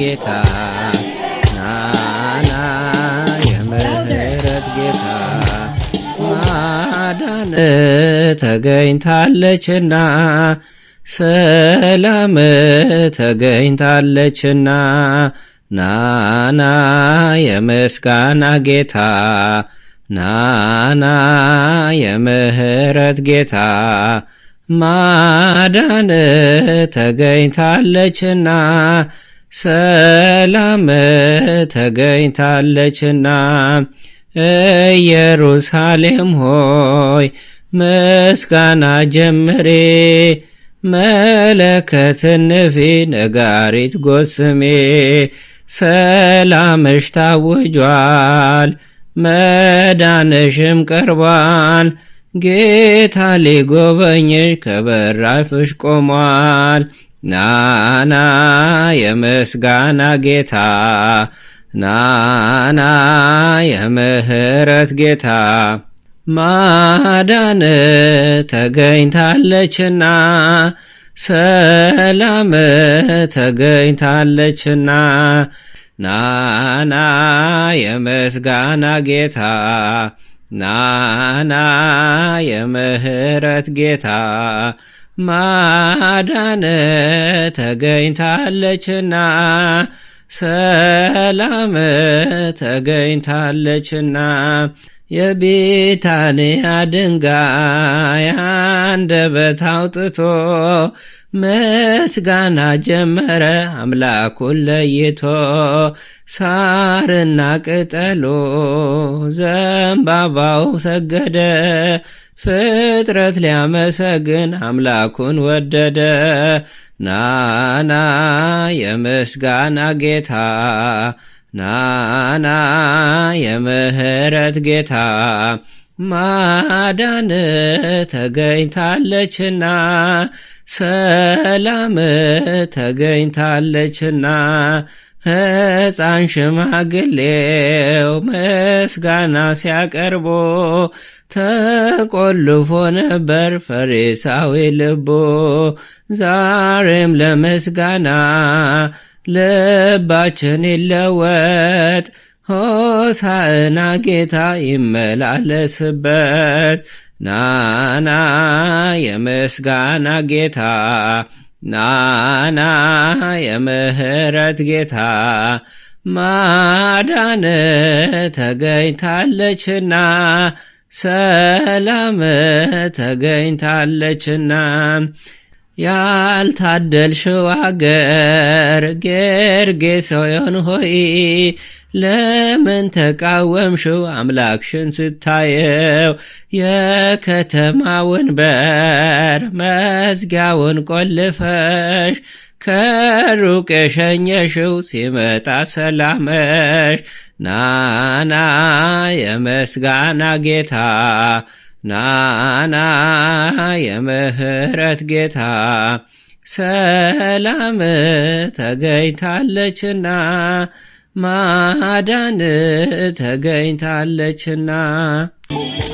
ጌታ ናና የምህረት ጌታ ማዳን ተገኝታለችና ሰላም ተገኝታለችና ናና የምስጋና ጌታ ናና የምህረት ጌታ ማዳን ተገኝታለችና ሰላም ተገኝታለችና ኢየሩሳሌም ሆይ ምስጋና ጀምሬ መለከት ንፊ ነጋሪት ጎስሜ ሰላምሽ ታውጇል፣ መዳንሽም ቀርቧል። ጌታ ሊጎበኝሽ ከበራፍሽ ቆሟል። ናና የምስጋና ጌታ ናና የምህረት ጌታ ማዳን ተገኝታለችና ሰላም ተገኝታለችና ናና የምስጋና ጌታ ናና የምህረት ጌታ ማዳን ተገኝታለችና ሰላም ተገኝታለችና የቢታንያ ድንጋይ አንደበት አውጥቶ ምስጋና ጀመረ አምላኩን ለይቶ ሳርና ቅጠሉ ዘንባባው ሰገደ ፍጥረት ሊያመሰግን አምላኩን ወደደ። ናና የምስጋና ጌታ ናና የምህረት ጌታ ማዳን ተገኝታለችና ሰላም ተገኝታለችና ሕፃን ሽማግሌው ምስጋና ሲያቀርቦ ተቆልፎ ነበር ፈሪሳዊ ልቦ ዛሬም ለምስጋና ልባችን ይለወጥ ሆሳዕና ጌታ ይመላለስበት ናና የምስጋና ጌታ ናና የምህረት ጌታ ማዳን ተገኝታለችና ሰላም ተገኝታለችና ያልታደልሽው አገር ጌርጌሶን ሆይ ለምን ተቃወምሽው አምላክሽን ስታየው? የከተማውን በር መዝጊያውን ቆልፈሽ ከሩቅ የሸኘሽው ሲመጣ ሰላመሽ ናና የመስጋና ጌታ ናና የምህረት ጌታ ሰላም ተገኝታለችና ማዳን ተገኝታለችና